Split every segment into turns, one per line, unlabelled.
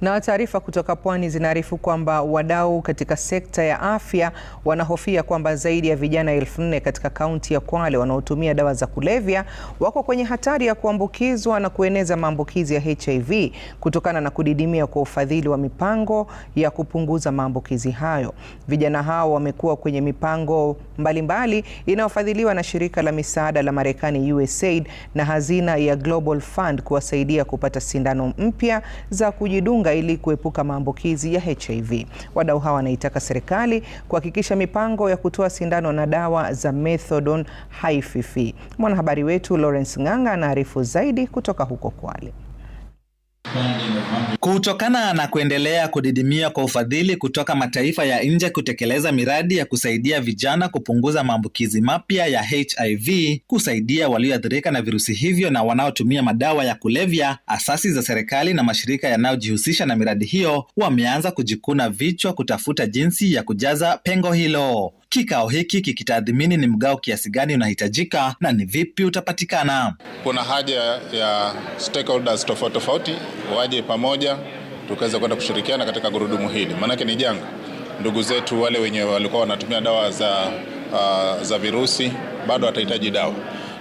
Na taarifa kutoka Pwani zinaarifu kwamba wadau katika sekta ya afya wanahofia kwamba zaidi ya vijana elfu nne katika kaunti ya Kwale wanaotumia dawa za kulevya wako kwenye hatari ya kuambukizwa na kueneza maambukizi ya HIV kutokana na kudidimia kwa ufadhili wa mipango ya kupunguza maambukizi hayo. Vijana hao wamekuwa kwenye mipango mbalimbali inayofadhiliwa na shirika la misaada la Marekani USAID na hazina ya Global Fund kuwasaidia kupata sindano mpya za kujidunga kujikinga ili kuepuka maambukizi ya HIV. Wadau hawa wanaitaka serikali kuhakikisha mipango ya kutoa sindano na dawa za methadone haififii. Mwanahabari wetu Lawrence Ng'ang'a anaarifu zaidi kutoka huko Kwale.
Kutokana na kuendelea kudidimia kwa ufadhili kutoka mataifa ya nje kutekeleza miradi ya kusaidia vijana kupunguza maambukizi mapya ya HIV, kusaidia walioathirika na virusi hivyo na wanaotumia madawa ya kulevya, asasi za serikali na mashirika yanayojihusisha na miradi hiyo wameanza kujikuna vichwa kutafuta jinsi ya kujaza pengo hilo. Kikao hiki kikitathmini ni mgao kiasi gani unahitajika na ni vipi utapatikana.
Kuna haja ya stakeholders tofauti tofauti waje pamoja, tukaweza kwenda kushirikiana katika gurudumu hili, maanake ni janga. Ndugu zetu wale wenye walikuwa wanatumia dawa za, uh, za virusi bado watahitaji dawa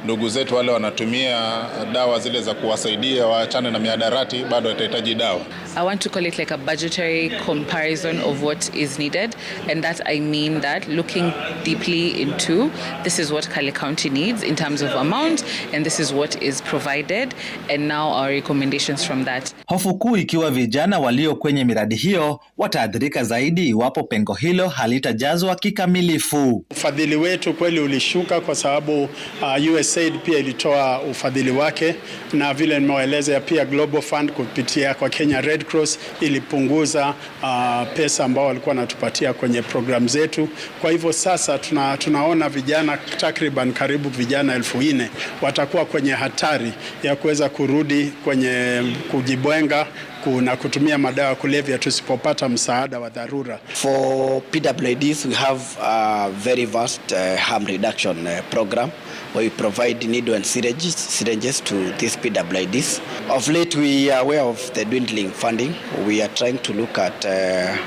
ndugu zetu wale wanatumia dawa zile za kuwasaidia waachane na miadarati bado watahitaji dawa.
I want to call it like a budgetary comparison of what is needed and that I mean that looking deeply into this is what Kali County needs in terms of amount and this is what is provided and now our recommendations from that.
Hofu kuu ikiwa vijana walio kwenye miradi hiyo wataadhirika zaidi iwapo pengo hilo halitajazwa kikamilifu.
Ufadhili wetu kweli ulishuka kwa sababu uh, US USAID pia ilitoa ufadhili wake, na vile nimewaeleza pia Global Fund kupitia kwa Kenya Red Cross ilipunguza uh, pesa ambao walikuwa wanatupatia kwenye programu zetu. Kwa hivyo sasa tuna, tunaona vijana takriban karibu vijana elfu nne watakuwa kwenye hatari ya kuweza kurudi kwenye kujibwenga uchafu na kutumia madawa kulevya tusipopata msaada wa dharura.
For PWDs we have a very vast uh, harm reduction uh, program where we provide needle and syringes, syringes to these PWDs. Of late we are aware of the dwindling funding. We are trying to look at uh,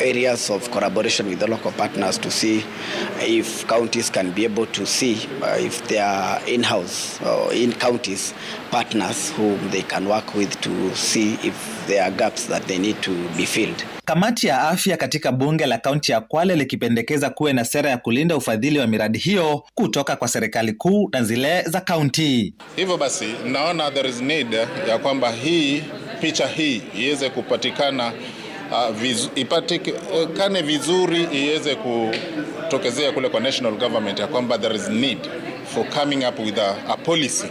areas of collaboration with the local partners to see if counties can be able to see uh, if they are in-house or in counties partners whom they can work with to see if there are gaps that they need to be filled.
Kamati ya afya katika bunge la kaunti ya Kwale likipendekeza kuwe na sera ya kulinda ufadhili wa miradi hiyo kutoka kwa serikali kuu na zile za kaunti.
Hivyo basi naona there is need ya kwamba hii picha hii iweze kupatikana uh, vizu, kane vizuri iweze kutokezea kule kwa national government ya kwamba there is need for coming up with a, a policy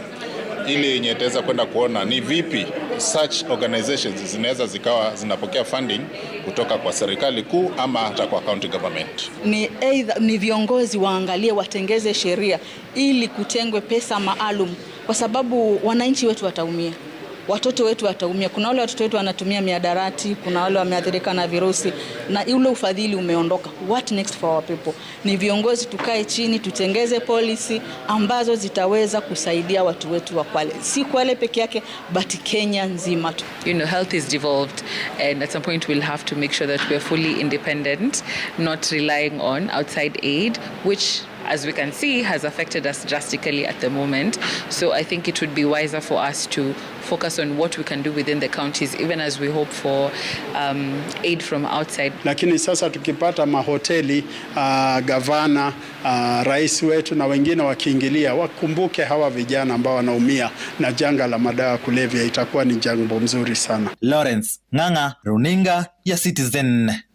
ili yenye itaweza kwenda kuona ni vipi such organizations zinaweza zikawa zinapokea funding kutoka kwa serikali kuu ama hata kwa county government.
Ni either, ni viongozi waangalie, watengeze sheria ili kutengwe pesa maalum, kwa sababu wananchi wetu wataumia watoto wetu wataumia. Kuna wale watoto wetu wanatumia miadarati, kuna wale wameathirika na virusi, na ule ufadhili umeondoka. What next for our people? Ni viongozi tukae chini, tutengeze policy ambazo zitaweza kusaidia watu wetu wa Kwale, si Kwale peke yake, but Kenya nzima tu.
You know, health is devolved and at some point we'll have to make sure that we're fully independent, not relying on outside aid which as we can see, has affected us drastically at the moment. So I think it would be wiser for us to focus on what we can do within the counties even as we hope for um, aid from outside.
Lakini sasa tukipata mahoteli uh, gavana uh, rais wetu na wengine wakiingilia, wakumbuke hawa vijana ambao wanaumia na janga la madawa ya kulevya, itakuwa ni jambo mzuri sana.
Lawrence Ng'ang'a, Runinga ya Citizen.